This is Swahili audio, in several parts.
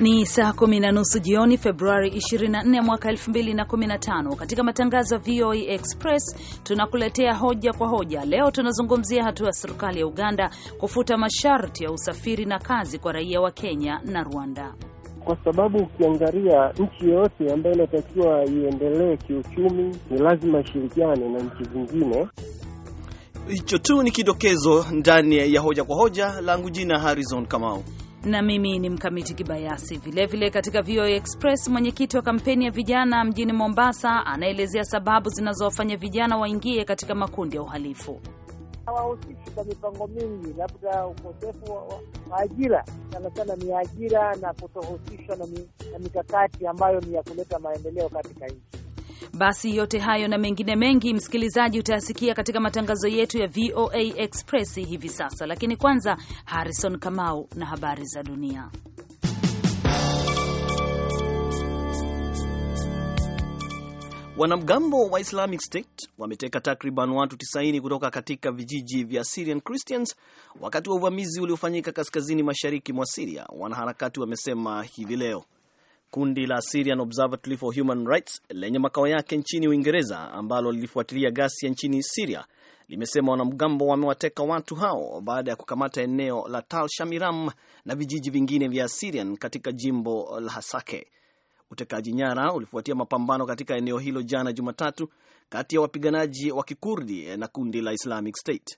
Ni saa kumi na nusu jioni Februari 24 mwaka 2015. Katika matangazo ya VOA Express tunakuletea hoja kwa hoja. Leo tunazungumzia hatua ya serikali ya Uganda kufuta masharti ya usafiri na kazi kwa raia wa Kenya na Rwanda, kwa sababu ukiangalia nchi yoyote ambayo inatakiwa iendelee kiuchumi ni lazima ishirikiane na nchi zingine. Hicho tu ni kidokezo ndani ya hoja kwa hoja, langu jina Harrison Kamau na mimi ni Mkamiti Kibayasi. Vilevile katika VOA Express, mwenyekiti wa kampeni ya vijana mjini Mombasa anaelezea sababu zinazowafanya vijana waingie katika makundi ya uhalifu. Hawahusishi kwa mipango mingi, labda ukosefu wa ajira, sana sana ni ajira na kutohusishwa na mikakati ambayo ni ya kuleta maendeleo katika nchi. Basi yote hayo na mengine mengi, msikilizaji, utayasikia katika matangazo yetu ya VOA Express hivi sasa, lakini kwanza, Harrison Kamau na habari za dunia. Wanamgambo wa Islamic State wameteka takriban watu 90 kutoka katika vijiji vya Syrian Christians wakati wa uvamizi uliofanyika kaskazini mashariki mwa Siria, wanaharakati wamesema hivi leo. Kundi la Syrian Observatory for Human Rights lenye makao yake nchini Uingereza ambalo lilifuatilia ghasia nchini Syria limesema wanamgambo wamewateka watu hao baada ya kukamata eneo la Tal Shamiram na vijiji vingine vya Syrian katika jimbo la Hasake. Utekaji nyara ulifuatia mapambano katika eneo hilo jana Jumatatu kati ya wapiganaji wa Kikurdi na kundi la Islamic State.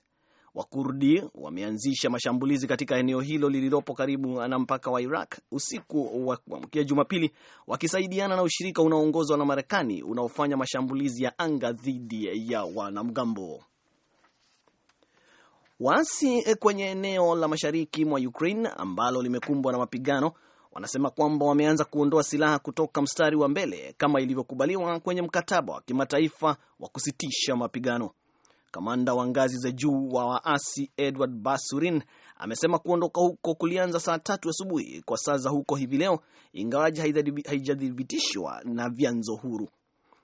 Wakurdi wameanzisha mashambulizi katika eneo hilo lililopo karibu na mpaka wa Iraq usiku wa kuamkia Jumapili, wakisaidiana na ushirika unaoongozwa na Marekani unaofanya mashambulizi ya anga dhidi ya wanamgambo. Waasi kwenye eneo la mashariki mwa Ukraine ambalo limekumbwa na mapigano wanasema kwamba wameanza kuondoa silaha kutoka mstari wa mbele kama ilivyokubaliwa kwenye mkataba wa kimataifa wa kusitisha mapigano. Kamanda wa ngazi za juu wa waasi Edward Basurin amesema kuondoka huko kulianza saa tatu asubuhi kwa saa za huko hivi leo, ingawaji haijathibitishwa na vyanzo huru.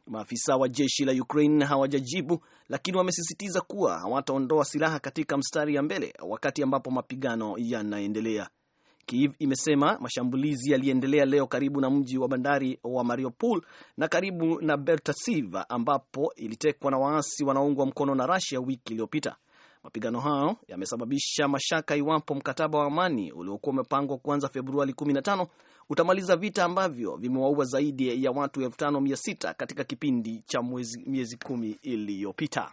Maafisa wa jeshi la Ukraine hawajajibu, lakini wamesisitiza kuwa hawataondoa silaha katika mstari ya mbele wakati ambapo mapigano yanaendelea. Kiev imesema mashambulizi yaliendelea leo karibu na mji wa bandari wa Mariupol na karibu na bertasive ambapo ilitekwa na waasi wanaoungwa mkono na Russia wiki iliyopita. Mapigano hayo yamesababisha mashaka iwapo mkataba wa amani uliokuwa umepangwa kuanza Februari 15 utamaliza vita ambavyo vimewaua zaidi ya watu 5600 katika kipindi cha miezi kumi iliyopita.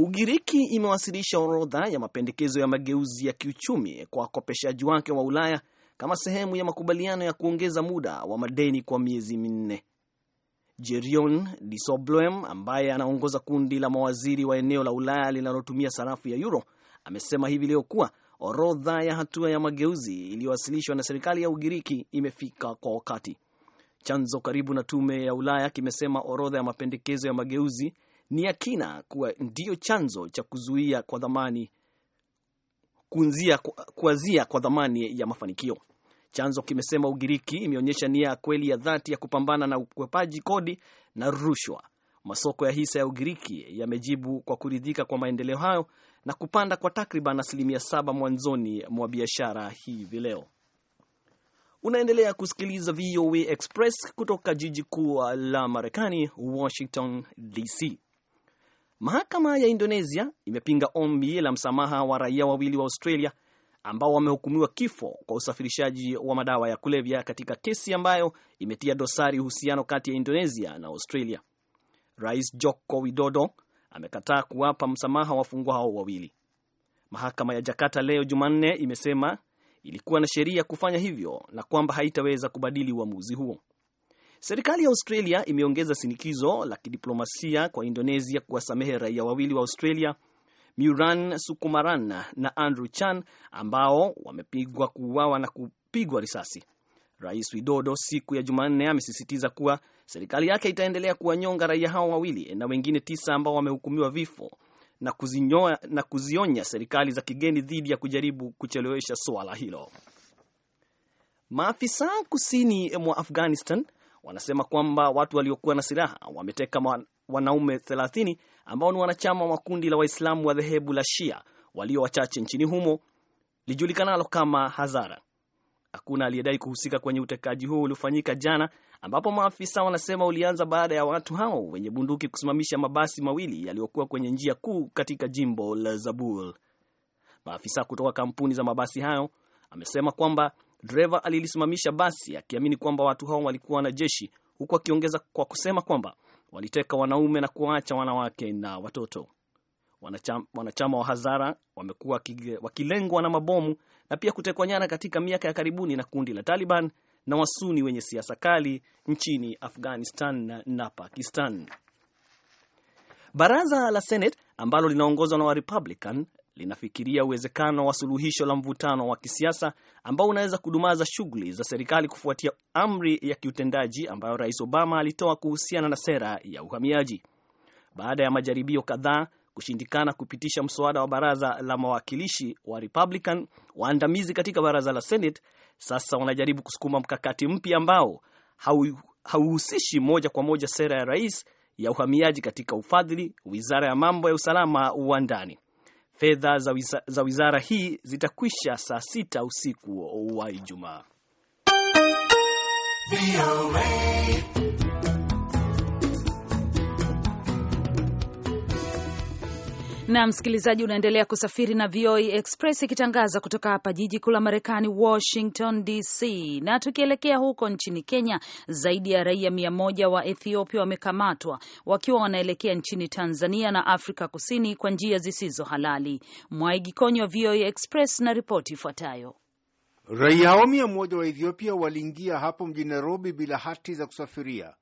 Ugiriki imewasilisha orodha ya mapendekezo ya mageuzi ya kiuchumi kwa wakopeshaji wake wa Ulaya kama sehemu ya makubaliano ya kuongeza muda wa madeni kwa miezi minne. Jerion Disoblem ambaye anaongoza kundi la mawaziri wa eneo la Ulaya linalotumia sarafu ya euro amesema hivi leo kuwa orodha ya hatua ya mageuzi iliyowasilishwa na serikali ya Ugiriki imefika kwa wakati. Chanzo karibu na tume ya Ulaya kimesema orodha ya mapendekezo ya mageuzi ni ya kina kuwa ndiyo chanzo cha kuzuia kwa dhamani kuanzia kuazia kwa dhamani ya mafanikio. Chanzo kimesema Ugiriki imeonyesha nia ya kweli ya dhati ya kupambana na ukwepaji kodi na rushwa. Masoko ya hisa ya Ugiriki yamejibu kwa kuridhika kwa maendeleo hayo na kupanda kwa takriban asilimia saba mwanzoni mwa biashara hivi leo. Unaendelea kusikiliza VOA Express kutoka jiji kuu la Marekani, Washington DC. Mahakama ya Indonesia imepinga ombi la msamaha wa raia wawili wa Australia ambao wamehukumiwa kifo kwa usafirishaji wa madawa ya kulevya katika kesi ambayo imetia dosari uhusiano kati ya Indonesia na Australia. Rais Joko Widodo amekataa kuwapa msamaha wafungwa hao wawili. Mahakama ya Jakarta leo Jumanne imesema ilikuwa na sheria kufanya hivyo na kwamba haitaweza kubadili uamuzi huo. Serikali ya Australia imeongeza sinikizo la kidiplomasia kwa Indonesia kuwasamehe raia wawili wa Australia, Miran Sukumaran na Andrew Chan, ambao wamepigwa kuuawa na kupigwa risasi. Rais Widodo siku ya Jumanne amesisitiza kuwa serikali yake itaendelea kuwanyonga raia hao wawili na wengine tisa ambao wamehukumiwa vifo na, kuzinyoa, na kuzionya serikali za kigeni dhidi ya kujaribu kuchelewesha suala hilo. Maafisa kusini mwa Afghanistan wanasema kwamba watu waliokuwa na silaha wameteka wanaume 30 ambao ni wanachama wa kundi la Waislamu wa dhehebu la Shia walio wachache nchini humo lijulikanalo kama Hazara. Hakuna aliyedai kuhusika kwenye utekaji huo uliofanyika jana, ambapo maafisa wanasema ulianza baada ya watu hao wenye bunduki kusimamisha mabasi mawili yaliyokuwa kwenye njia kuu katika jimbo la Zabul. Maafisa kutoka kampuni za mabasi hayo amesema kwamba Dereva alilisimamisha basi akiamini kwamba watu hao walikuwa wanajeshi, huku akiongeza kwa kusema kwamba waliteka wanaume na kuwaacha wanawake na watoto. Wanachama, wanachama wa Hazara wamekuwa wakilengwa na mabomu na pia kutekwa nyara katika miaka ya karibuni na kundi la Taliban na Wasuni wenye siasa kali nchini Afghanistan na Pakistan. Baraza la Senate ambalo linaongozwa na Warepublican linafikiria uwezekano wa suluhisho la mvutano wa kisiasa ambao unaweza kudumaza shughuli za serikali kufuatia amri ya kiutendaji ambayo Rais Obama alitoa kuhusiana na sera ya uhamiaji baada ya majaribio kadhaa kushindikana kupitisha mswada wa baraza la mawakilishi wa Republican. Waandamizi katika baraza la Senate sasa wanajaribu kusukuma mkakati mpya ambao hauhusishi moja kwa moja sera ya rais ya uhamiaji katika ufadhili, wizara ya mambo ya usalama wa ndani. Fedha za, za wizara hii zitakwisha saa sita usiku wa Ijumaa. na msikilizaji, unaendelea kusafiri na VOA Express ikitangaza kutoka hapa jiji kuu la Marekani, Washington DC. Na tukielekea huko nchini Kenya, zaidi ya raia mia moja wa Ethiopia wamekamatwa wakiwa wanaelekea nchini Tanzania na Afrika Kusini kwa njia zisizo halali. Mwaigi wa VOA Express na ripoti ifuatayo. Raia hao mia moja wa Ethiopia waliingia hapo mjini Nairobi bila hati za kusafiria,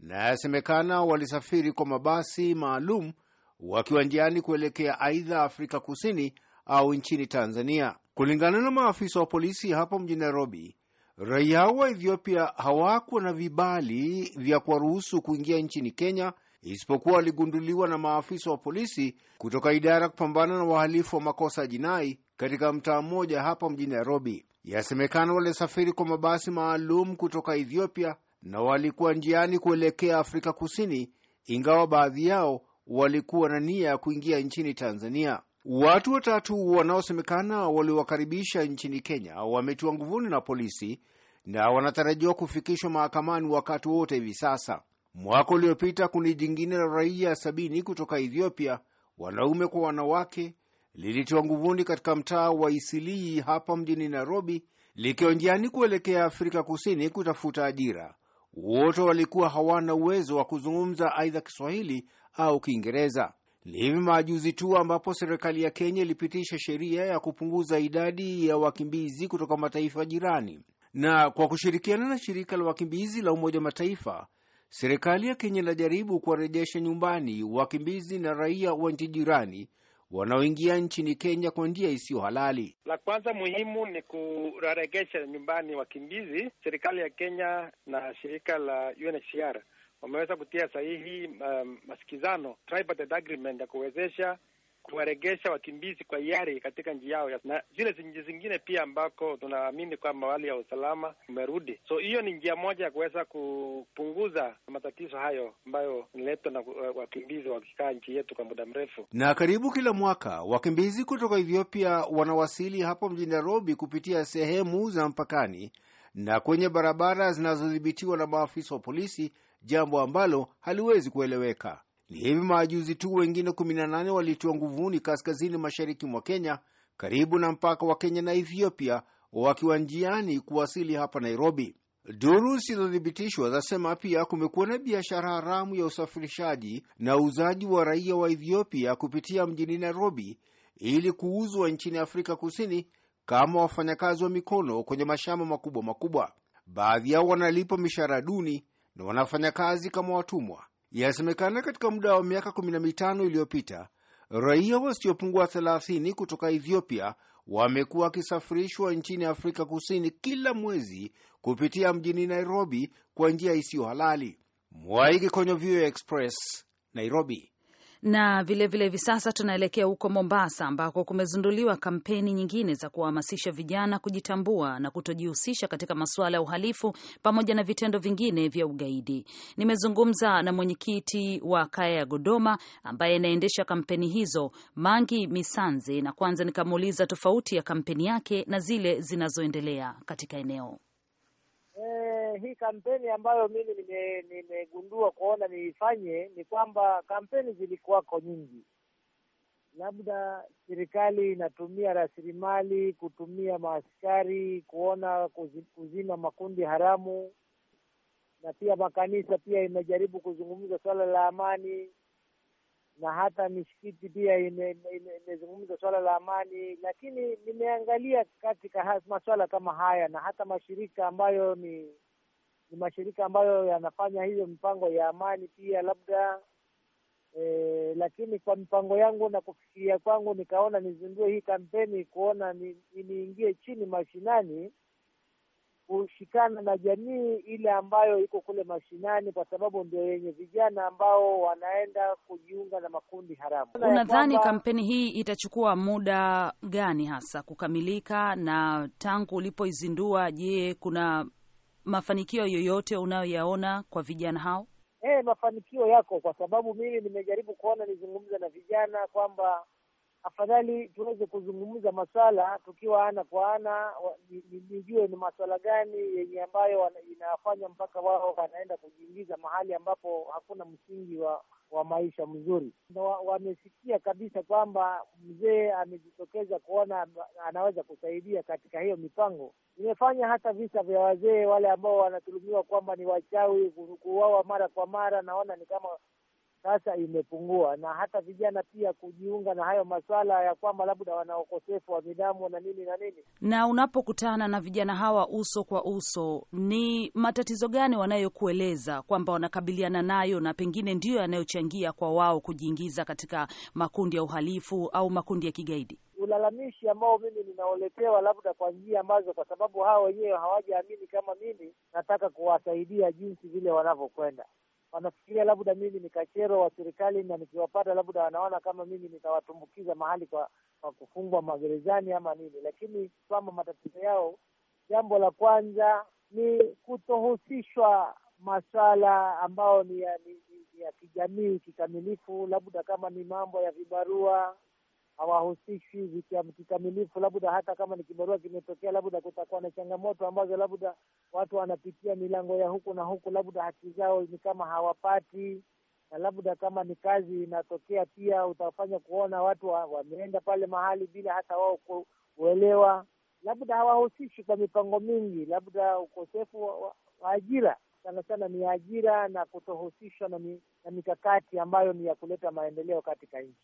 na yasemekana walisafiri kwa mabasi maalum wakiwa njiani kuelekea aidha Afrika Kusini au nchini Tanzania. Kulingana na maafisa wa polisi hapo mjini Nairobi, raia wa Ethiopia hawakuwa na vibali vya kuwaruhusu kuingia nchini Kenya, isipokuwa waligunduliwa na maafisa wa polisi kutoka idara ya kupambana na wahalifu wa makosa ya jinai katika mtaa mmoja hapa mjini Nairobi. Yasemekana walisafiri kwa mabasi maalum kutoka Ethiopia na walikuwa njiani kuelekea Afrika Kusini, ingawa baadhi yao walikuwa na nia ya kuingia nchini Tanzania. Watu watatu wanaosemekana waliwakaribisha nchini Kenya wametiwa nguvuni na polisi na wanatarajiwa kufikishwa mahakamani wakati wote hivi sasa. Mwaka uliopita kundi jingine la raia sabini kutoka Ethiopia, wanaume kwa wanawake, lilitiwa nguvuni katika mtaa wa Isilii hapa mjini Nairobi, likiwa njiani kuelekea Afrika Kusini kutafuta ajira. Wote walikuwa hawana uwezo wa kuzungumza aidha Kiswahili au Kiingereza. Ni hivi majuzi tu ambapo serikali ya Kenya ilipitisha sheria ya kupunguza idadi ya wakimbizi kutoka mataifa jirani, na kwa kushirikiana na shirika la wakimbizi la Umoja Mataifa, serikali ya Kenya inajaribu kuwarejesha nyumbani wakimbizi na raia wa nchi jirani wanaoingia nchini Kenya kwa njia isiyo halali. La kwanza muhimu ni kuwarejesha nyumbani wakimbizi. Serikali ya Kenya na shirika la UNHCR wameweza kutia sahihi um, masikizano tripartite agreement ya kuwezesha kuwaregesha wakimbizi kwa hiari katika nchi yao na zile nchi zingine pia ambako tunaamini kwamba hali ya usalama umerudi. So hiyo ni njia moja ya kuweza kupunguza matatizo hayo ambayo inaletwa na uh, wakimbizi wakikaa nchi yetu kwa muda mrefu. Na karibu kila mwaka wakimbizi kutoka Ethiopia wanawasili hapo mjini Nairobi kupitia sehemu za mpakani na kwenye barabara zinazodhibitiwa na maafisa wa polisi jambo ambalo haliwezi kueleweka. Ni hivi majuzi tu wengine 18 walitiwa nguvuni kaskazini mashariki mwa Kenya, karibu na mpaka wa Kenya na Ethiopia, wakiwa njiani kuwasili hapa Nairobi. Duru zisizothibitishwa zasema pia kumekuwa na biashara haramu ya usafirishaji na uuzaji wa raia wa Ethiopia kupitia mjini Nairobi ili kuuzwa nchini Afrika Kusini kama wafanyakazi wa mikono kwenye mashamba makubwa makubwa. Baadhi yao wanalipwa mishahara duni na wanafanya kazi kama watumwa. Yasemekana katika muda wa miaka 15 iliyopita raia wasiopungua 30 kutoka Ethiopia wamekuwa wakisafirishwa nchini Afrika Kusini kila mwezi kupitia mjini Nairobi kwa njia isiyo halali. Mwaiki kwenye VOA Express, Nairobi na vilevile hivi sasa tunaelekea huko Mombasa ambako kumezinduliwa kampeni nyingine za kuwahamasisha vijana kujitambua na kutojihusisha katika masuala ya uhalifu pamoja na vitendo vingine vya ugaidi. Nimezungumza na mwenyekiti wa kaya ya Godoma ambaye anaendesha kampeni hizo, Mangi Misanze, na kwanza nikamuuliza tofauti ya kampeni yake na zile zinazoendelea katika eneo eh, hii kampeni ambayo mimi nimegundua nime kuona niifanye ni kwamba kampeni zilikuwako nyingi, labda serikali inatumia rasilimali kutumia maaskari kuona kuzima makundi haramu, na pia makanisa pia imejaribu kuzungumza swala la amani na hata misikiti pia imezungumza swala la amani, lakini nimeangalia katika maswala kama haya na hata mashirika ambayo ni ni mashirika ambayo yanafanya hiyo mipango ya amani pia labda e, lakini kwa mipango yangu na kufikiria kwangu nikaona nizindue hii kampeni kuona niniingie ni chini mashinani kushikana na jamii ile ambayo iko kule mashinani, kwa sababu ndio yenye vijana ambao wanaenda kujiunga na makundi haramu. Unadhani kampeni hii itachukua muda gani hasa kukamilika? Na tangu ulipoizindua, je, kuna mafanikio yoyote unayoyaona kwa vijana hao? E, mafanikio yako, kwa sababu mimi nimejaribu kuona, nizungumza na vijana kwamba afadhali tuweze kuzungumza maswala tukiwa ana kwa ana, nijue ni maswala gani yenye ambayo inafanya mpaka wao wanaenda kujiingiza mahali ambapo hakuna msingi wa wa maisha mzuri. Wamesikia kabisa kwamba mzee amejitokeza kuona anaweza kusaidia katika hiyo mipango. Imefanya hata visa vya wazee wale ambao wanatulumiwa kwamba ni wachawi, kuuawa mara kwa mara, naona ni kama sasa imepungua, na hata vijana pia kujiunga na hayo maswala ya kwamba labda wana ukosefu wa nidhamu na nini na nini. Na unapokutana na vijana hawa uso kwa uso, ni matatizo gani wanayokueleza kwamba wanakabiliana nayo, na pengine ndiyo yanayochangia kwa wao kujiingiza katika makundi ya uhalifu au makundi ya kigaidi? Ulalamishi ambao mimi ninaoletewa labda kwa njia ambazo, kwa sababu hao wenyewe hawajaamini kama mimi, nataka kuwasaidia jinsi vile wanavyokwenda wanafikiria labda mimi ni kachero wa serikali, na nikiwapata labda wanaona kama mimi nitawatumbukiza mahali kwa, kwa kufungwa magerezani ama nini. Lakini kwamba matatizo yao, jambo la kwanza ni kutohusishwa maswala ambayo ni ya, ni ya kijamii kikamilifu, labda kama ni mambo ya vibarua hawahusishwi kikamilifu, labda hata kama ni kibarua kimetokea, labda kutakuwa na changamoto ambazo labda watu wanapitia milango ya huku na huku, labda haki zao ni kama hawapati, na labda kama ni kazi inatokea pia, utafanya kuona watu wameenda pale mahali bila hata wao kuelewa, labda hawahusishi kwa mipango mingi, labda ukosefu wa, wa, wa ajira sana sana ni ajira na kutohusishwa na, mi, na mikakati ambayo ni ya kuleta maendeleo katika nchi.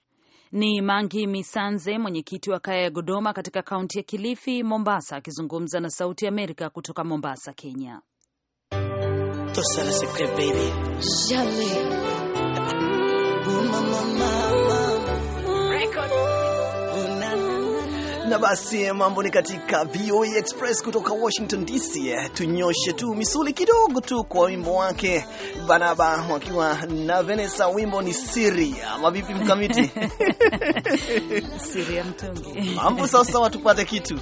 Ni Mangi Misanze, mwenyekiti wa kaya ya Godoma katika kaunti ya Kilifi, Mombasa, akizungumza na Sauti Amerika kutoka Mombasa, Kenya. Tosala, baby. na basi mambo ni katika VOA e Express kutoka Washington DC. Tunyoshe tu misuli kidogo tu kwa wimbo wake Banaba wakiwa na Vanessa, wimbo ni siri ama vipi mkamiti? siri ya mtungi mambo. Sasa tupate kitu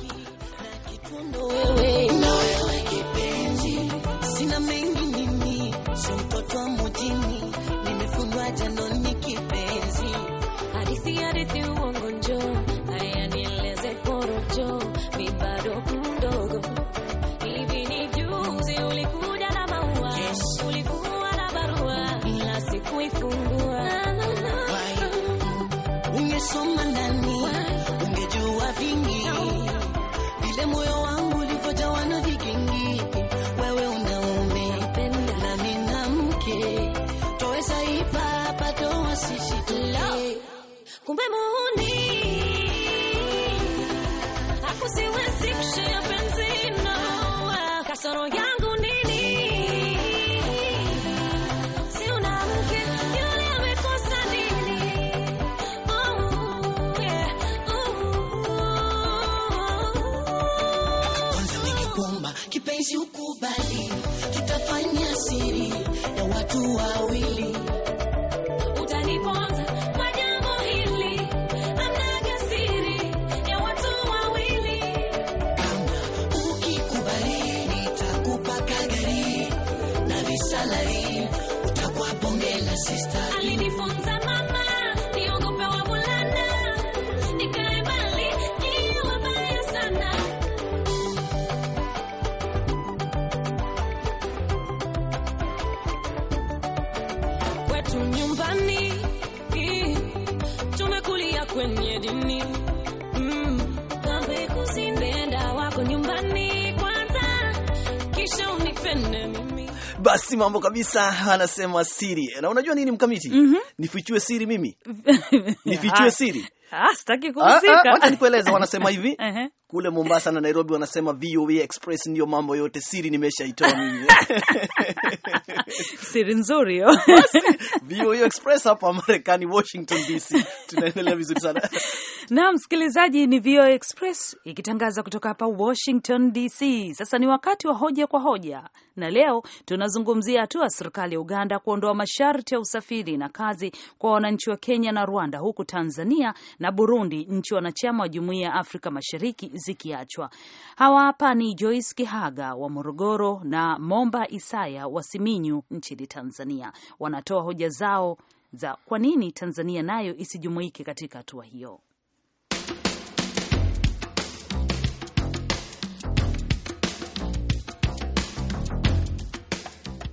salary utakuwa bonge la sister alinifunza basi mambo kabisa, anasema siri. Na unajua nini mkamiti? mm -hmm. Nifichue siri mimi nifichue siri Ah, sitaki ah, ah, kuhusika. Nikueleza, wanasema hivi kule Mombasa na Nairobi wanasema VOA Express ndiyo mambo yote, siri nimeshaitoa mimi. Siri nzuri hiyo. VOA Express hapa Marekani, Washington DC. Tunaendelea vizuri sana. Naam, msikilizaji, ni VOA Express ikitangaza kutoka hapa Washington DC. Sasa ni wakati wa hoja kwa hoja, na leo tunazungumzia hatua ya serikali ya Uganda kuondoa masharti ya usafiri na kazi kwa wananchi wa Kenya na Rwanda, huku Tanzania na Burundi, nchi wanachama wa Jumuiya ya Afrika Mashariki zikiachwa. Hawa hapa ni Joyce Kihaga wa Morogoro na Momba Isaya wa Siminyu nchini Tanzania. Wanatoa hoja zao za kwa nini Tanzania nayo isijumuike katika hatua hiyo.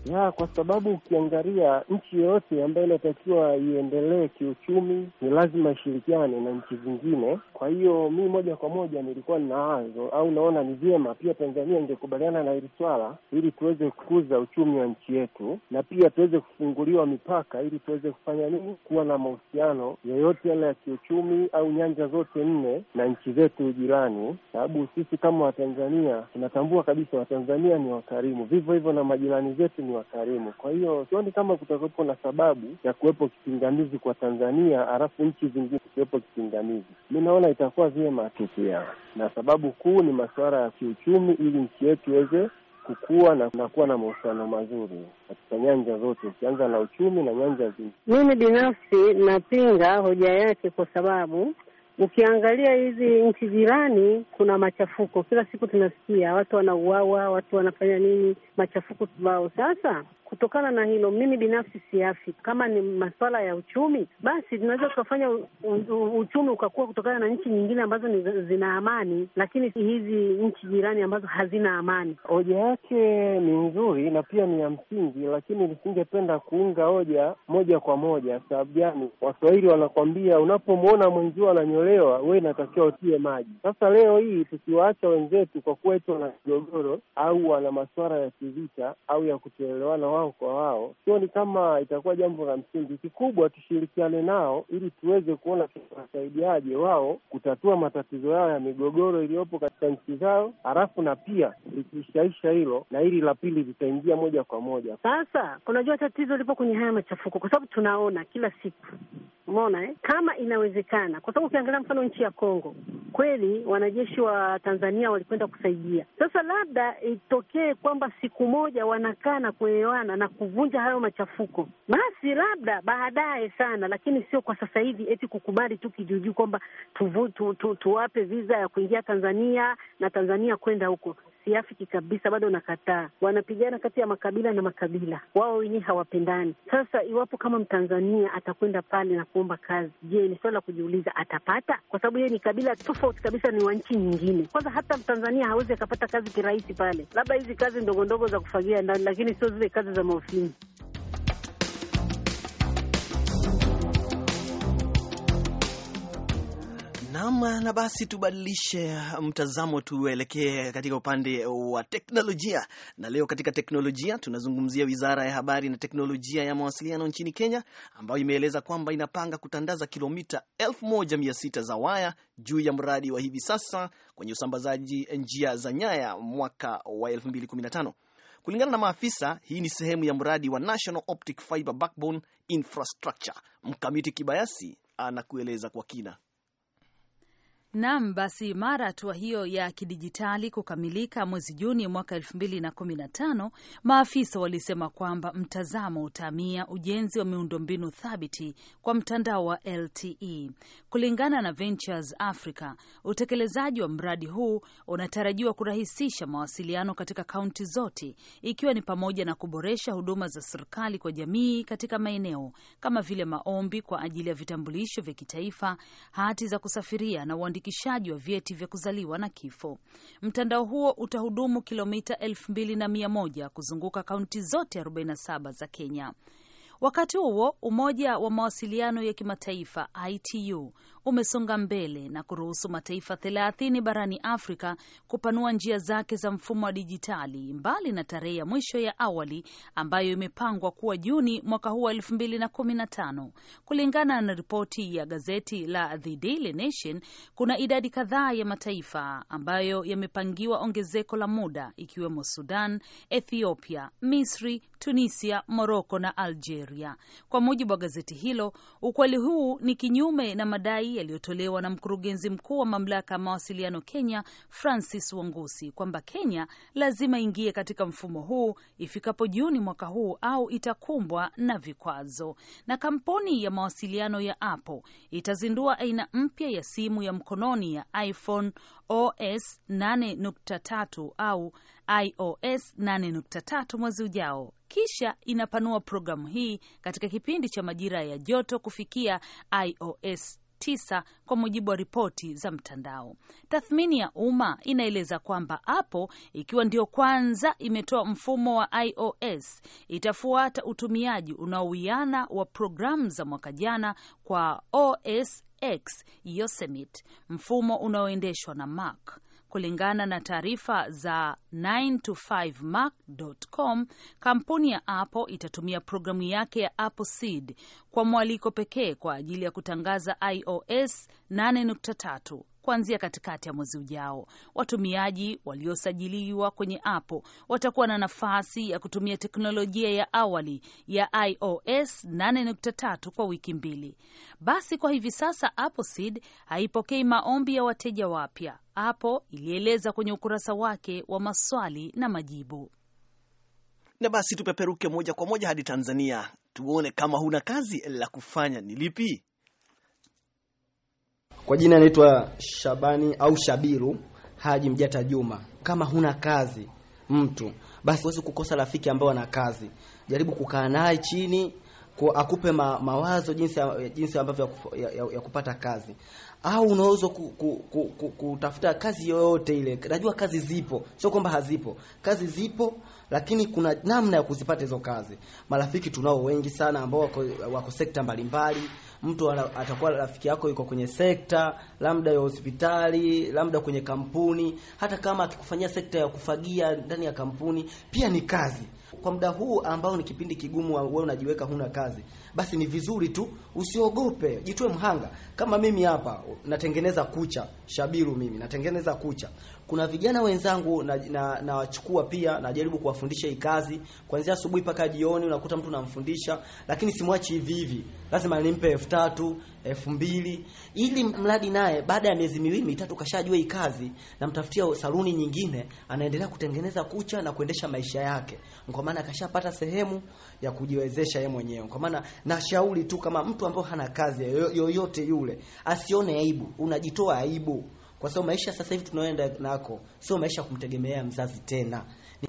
ya, kwa sababu ukiangalia nchi yoyote ambayo inatakiwa iendelee kiuchumi ni lazima ishirikiane na nchi zingine. Kwa hiyo mi moja kwa moja nilikuwa nina wazo au naona ni vyema pia Tanzania ingekubaliana na hili swala, ili tuweze kukuza uchumi wa nchi yetu na pia tuweze kufunguliwa mipaka, ili tuweze kufanya nini, kuwa na mahusiano yoyote yale ya kiuchumi au nyanja zote nne na nchi zetu jirani, sababu sisi kama Watanzania tunatambua kabisa Watanzania ni wakarimu, vivyo hivyo na majirani zetu ni wakarimu. Kwa hiyo sioni kama kutakuwepo na sababu ya kuwepo kipingamizi kwa Tanzania halafu nchi zingine kuwepo kipingamizi. Mi naona itakuwa vyema tukia, na sababu kuu ni masuala ya kiuchumi, ili nchi yetu iweze kukua na kunakuwa na mahusiano mazuri katika nyanja zote, ukianza na uchumi na nyanja zingine. Mimi binafsi napinga hoja yake kwa sababu Ukiangalia hizi nchi jirani, kuna machafuko kila siku, tunasikia watu wanauawa, watu wanafanya nini, machafuko kibao. Sasa Kutokana na hilo, mimi binafsi siafi. Kama ni masuala ya uchumi, basi tunaweza tukafanya uchumi ukakua kutokana na nchi nyingine ambazo ni zina amani, lakini hizi nchi jirani ambazo hazina amani. Hoja yake ni nzuri na pia ni ya msingi, lakini nisingependa kuunga hoja moja kwa moja. Sababu gani? Waswahili wanakwambia unapomwona mwenzio ananyolewa, we inatakiwa utie maji. Sasa leo hii tukiwaacha wenzetu kwa kuwa eti wana migogoro au wana masuala ya kivita au ya kutoelewana wao kwa wao, sio ni kama itakuwa jambo la msingi. Kikubwa tushirikiane nao ili tuweze kuona tunasaidiaje wao kutatua matatizo yao ya migogoro iliyopo katika nchi zao, halafu na pia likishaisha hilo na hili la pili litaingia moja kwa moja. Sasa kunajua tatizo lipo kwenye haya machafuko, kwa sababu tunaona kila siku Umeona eh? Kama inawezekana, kwa sababu ukiangalia mfano nchi ya Kongo kweli wanajeshi wa Tanzania walikwenda kusaidia. Sasa labda itokee kwamba siku moja wanakaa na kuelewana sana na kuvunja hayo machafuko, basi labda baadaye sana, lakini sio kwa sasa hivi, eti kukubali tu kijuujuu kwamba tuwape tu, tu, tu, viza ya kuingia Tanzania na Tanzania kwenda huko siafiki kabisa, bado nakataa. Wanapigana kati ya makabila na makabila, wao wenyewe hawapendani. Sasa iwapo kama Mtanzania atakwenda pale na kuomba kazi, je, ni swala la kujiuliza, atapata? Kwa sababu yeye ni kabila tofauti kabisa, ni wa nchi nyingine. Kwanza hata Mtanzania hawezi akapata kazi kirahisi pale, labda hizi kazi ndogo ndogo za kufagia ndani, lakini sio zile kazi za maofini. Naam, na basi tubadilishe um, mtazamo, tuelekee katika upande wa teknolojia. Na leo katika teknolojia tunazungumzia Wizara ya Habari na Teknolojia ya Mawasiliano nchini Kenya, ambayo imeeleza kwamba inapanga kutandaza kilomita 1600 za waya juu ya mradi wa hivi sasa kwenye usambazaji njia za nyaya mwaka wa 2015. Kulingana na maafisa, hii ni sehemu ya mradi wa National Optic Fiber Backbone Infrastructure. Mkamiti Kibayasi anakueleza kwa kina. Naam, basi mara hatua hiyo ya kidijitali kukamilika mwezi Juni mwaka elfu mbili na kumi na tano, maafisa walisema kwamba mtazamo utaamia ujenzi wa miundombinu thabiti kwa mtandao wa LTE. Kulingana na Ventures Africa, utekelezaji wa mradi huu unatarajiwa kurahisisha mawasiliano katika kaunti zote, ikiwa ni pamoja na kuboresha huduma za serikali kwa jamii katika maeneo kama vile maombi kwa ajili ya vitambulisho vya kitaifa, hati za kusafiria na uandikishaji wa vyeti vya kuzaliwa na kifo. Mtandao huo utahudumu kilomita 21 kuzunguka kaunti zote 47 za Kenya. Wakati huo, Umoja wa Mawasiliano ya Kimataifa ITU umesonga mbele na kuruhusu mataifa thelathini barani Afrika kupanua njia zake za mfumo wa dijitali mbali na tarehe ya mwisho ya awali ambayo imepangwa kuwa Juni mwaka huu wa 2015. Kulingana na ripoti ya gazeti la The Daily Nation, kuna idadi kadhaa ya mataifa ambayo yamepangiwa ongezeko la muda ikiwemo Sudan, Ethiopia, Misri, Tunisia, Moroko na Algeria. Kwa mujibu wa gazeti hilo, ukweli huu ni kinyume na madai yaliyotolewa na mkurugenzi mkuu wa mamlaka ya mawasiliano Kenya, Francis Wangusi, kwamba Kenya lazima ingie katika mfumo huu ifikapo Juni mwaka huu au itakumbwa na vikwazo. Na kampuni ya mawasiliano ya Apple itazindua aina mpya ya simu ya mkononi ya iPhone OS 8.3 au iOS 8.3 mwezi ujao, kisha inapanua programu hii katika kipindi cha majira ya joto kufikia iOS tisa kwa mujibu wa ripoti za mtandao. Tathmini ya umma inaeleza kwamba Apple ikiwa ndio kwanza imetoa mfumo wa iOS itafuata utumiaji unaowiana wa programu za mwaka jana kwa OS X Yosemite, mfumo unaoendeshwa na Mac. Kulingana na taarifa za 9to5mac.com, kampuni ya Apple itatumia programu yake ya Apple Seed kwa mwaliko pekee kwa ajili ya kutangaza iOS 8.3 kuanzia katikati ya mwezi ujao. Watumiaji waliosajiliwa kwenye apo watakuwa na nafasi ya kutumia teknolojia ya awali ya iOS 8.3 kwa wiki mbili. Basi kwa hivi sasa Appleseed haipokei maombi ya wateja wapya, Apple ilieleza kwenye ukurasa wake wa maswali na majibu. Na basi tupeperuke moja kwa moja hadi Tanzania, tuone kama huna kazi la kufanya ni lipi. Kwa jina anaitwa Shabani au Shabiru Haji Mjata Juma. Kama huna kazi mtu, basi huwezi kukosa rafiki ambao ana kazi. Jaribu kukaa naye chini kwa akupe ma, mawazo jinsi jinsi ambavyo ya, ya, ya kupata kazi au unaweza kutafuta kazi yoyote ile. Najua kazi zipo, sio kwamba hazipo. Kazi zipo, lakini kuna namna ya kuzipata hizo kazi. Marafiki tunao wengi sana ambao wako, wako sekta mbalimbali mtu atakuwa rafiki yako yuko kwenye sekta labda ya hospitali, labda kwenye kampuni. Hata kama akikufanyia sekta ya kufagia ndani ya kampuni, pia ni kazi. Kwa muda huu ambao ni kipindi kigumu, wewe unajiweka huna kazi, basi ni vizuri tu, usiogope, jitoe mhanga. Kama mimi hapa natengeneza kucha, Shabiru, mimi natengeneza kucha kuna vijana wenzangu nawachukua na pia najaribu kuwafundisha hii kazi kuanzia asubuhi mpaka jioni, unakuta mtu namfundisha, lakini simwachi hivi hivi, lazima nimpe elfu tatu elfu mbili ili mradi naye baada ya miezi miwili mitatu kashajua hii kazi, namtafutia saluni nyingine, anaendelea kutengeneza kucha na kuendesha maisha yake, kwa maana kashapata sehemu ya kujiwezesha yeye mwenyewe. Kwa maana nashauri tu kama mtu ambaye hana kazi yoyote yule asione aibu, unajitoa aibu kwa sababu maisha sasa hivi tunaoenda nako sio maisha ya kumtegemea mzazi tena. Ni...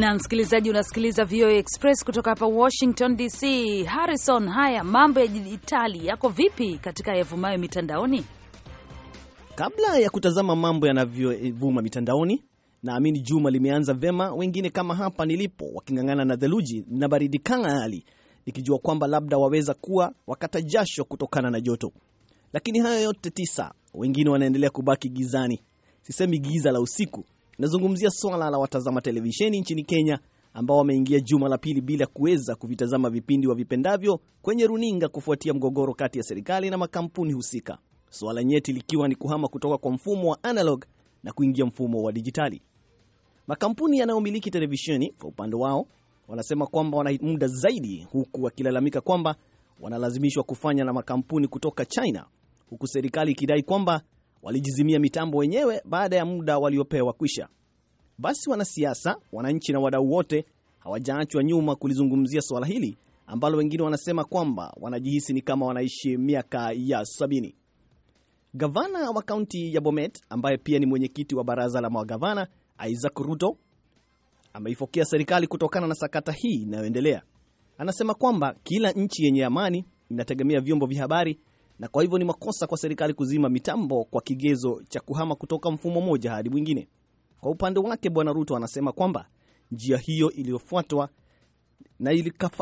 na msikilizaji, unasikiliza VOA Express kutoka hapa Washington DC. Harrison, haya mambo ya dijitali yako vipi katika yavumayo mitandaoni? Kabla ya kutazama mambo yanavyovuma mitandaoni, naamini juma limeanza vema, wengine kama hapa nilipo waking'ang'ana na theluji na baridi kali nikijua kwamba labda waweza kuwa wakata jasho kutokana na joto. Lakini hayo yote tisa, wengine wanaendelea kubaki gizani. Sisemi giza la usiku, nazungumzia swala la watazama televisheni nchini Kenya ambao wameingia juma la pili bila kuweza kuvitazama vipindi wavipendavyo kwenye runinga kufuatia mgogoro kati ya serikali na makampuni husika, suala nyeti likiwa ni kuhama kutoka kwa mfumo wa analog na kuingia mfumo wa dijitali. Makampuni yanayomiliki televisheni kwa upande wao wanasema kwamba wana muda zaidi, huku wakilalamika kwamba wanalazimishwa kufanya na makampuni kutoka China, huku serikali ikidai kwamba walijizimia mitambo wenyewe baada ya muda waliopewa kwisha. Basi wanasiasa, wananchi na wadau wote hawajaachwa nyuma kulizungumzia suala hili ambalo wengine wanasema kwamba wanajihisi ni kama wanaishi miaka ya sabini. Gavana wa kaunti ya Bomet ambaye pia ni mwenyekiti wa baraza la magavana Isaac Ruto ameifokea serikali kutokana na sakata hii inayoendelea. Anasema kwamba kila nchi yenye amani inategemea vyombo vya habari na kwa hivyo ni makosa kwa serikali kuzima mitambo kwa kigezo cha kuhama kutoka mfumo mmoja hadi mwingine. Kwa upande wake, Bwana Ruto anasema kwamba njia hiyo iliyofuatwa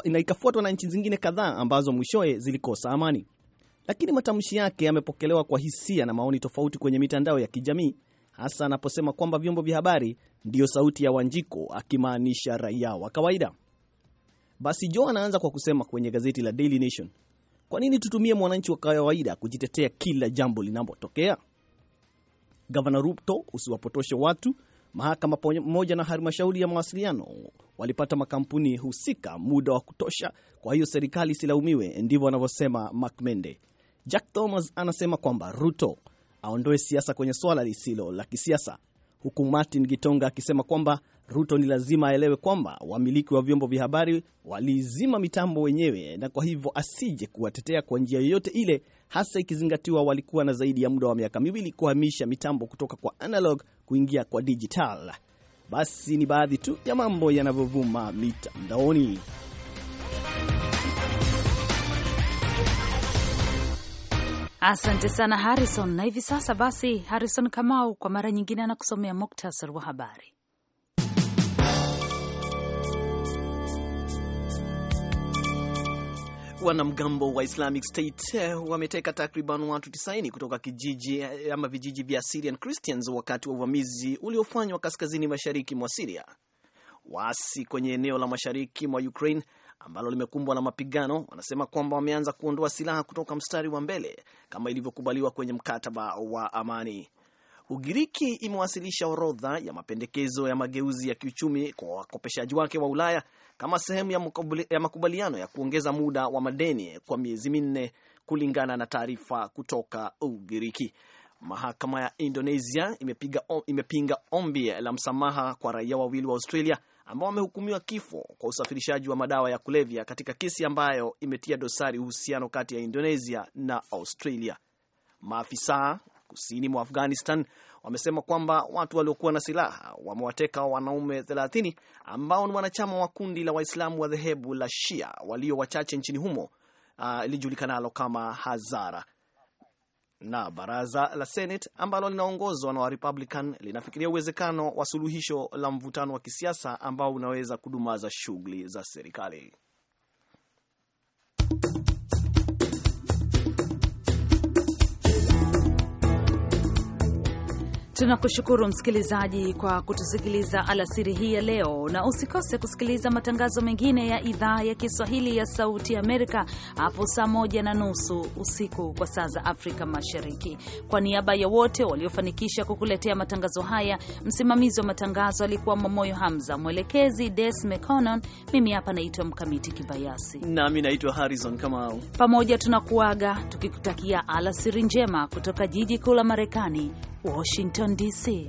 na ikafuatwa na nchi zingine kadhaa ambazo mwishowe zilikosa amani. Lakini matamshi yake yamepokelewa kwa hisia na maoni tofauti kwenye mitandao ya kijamii hasa anaposema kwamba vyombo vya habari ndiyo sauti ya Wanjiko, akimaanisha raia wa kawaida. Basi jo anaanza kwa kusema kwenye gazeti la Daily Nation, kwa nini tutumie mwananchi wa kawaida kujitetea kila jambo linapotokea? Gavana Ruto, usiwapotoshe watu. Mahakama pamoja na halmashauri ya mawasiliano walipata makampuni husika muda wa kutosha, kwa hiyo serikali silaumiwe, ndivyo anavyosema Mark Mende. Jack Thomas anasema kwamba Ruto aondoe siasa kwenye swala lisilo la kisiasa, huku Martin Gitonga akisema kwamba Ruto ni lazima aelewe kwamba wamiliki wa vyombo vya habari walizima mitambo wenyewe na kwa hivyo asije kuwatetea kwa njia yoyote ile, hasa ikizingatiwa walikuwa na zaidi ya muda wa miaka miwili kuhamisha mitambo kutoka kwa analog kuingia kwa digital. Basi ni baadhi tu ya mambo yanavyovuma mitandaoni. Asante sana Harrison. Na hivi sasa basi, Harrison Kamau kwa mara nyingine anakusomea muktasari wa habari. Wanamgambo wa Islamic State eh, wameteka takriban watu 90 kutoka kijiji eh, ama vijiji vya Syrian Christians wakati wa uvamizi uliofanywa kaskazini mashariki mwa siria Waasi kwenye eneo la mashariki mwa Ukraine ambalo limekumbwa na mapigano wanasema kwamba wameanza kuondoa silaha kutoka mstari wa mbele kama ilivyokubaliwa kwenye mkataba wa amani. Ugiriki imewasilisha orodha ya mapendekezo ya mageuzi ya kiuchumi kwa wakopeshaji wake wa Ulaya kama sehemu ya makubaliano ya kuongeza muda wa madeni kwa miezi minne, kulingana na taarifa kutoka Ugiriki. Mahakama ya Indonesia imepiga, imepinga ombi la msamaha kwa raia wawili wa Australia ambao wamehukumiwa kifo kwa usafirishaji wa madawa ya kulevya katika kesi ambayo imetia dosari uhusiano kati ya Indonesia na Australia. Maafisa kusini mwa Afghanistan wamesema kwamba watu waliokuwa na silaha wamewateka wanaume 30 ambao ni wanachama wa kundi la Waislamu wa dhehebu la Shia walio wachache nchini humo, uh, ah, ilijulikanalo kama Hazara na baraza la Senate ambalo linaongozwa na Warepublican linafikiria uwezekano wa suluhisho la mvutano wa kisiasa ambao unaweza kudumaza shughuli za serikali. Tunakushukuru msikilizaji kwa kutusikiliza alasiri hii ya leo, na usikose kusikiliza matangazo mengine ya idhaa ya Kiswahili ya Sauti Amerika hapo saa moja na nusu usiku kwa saa za Afrika Mashariki. Kwa niaba ya wote waliofanikisha kukuletea matangazo haya, msimamizi wa matangazo alikuwa Mamoyo Hamza, mwelekezi Des Mconon, mimi hapa naitwa Mkamiti Kibayasi nami naitwa Harrison Kamau. Pamoja tunakuaga tukikutakia alasiri njema kutoka jiji kuu la Marekani, Washington DC.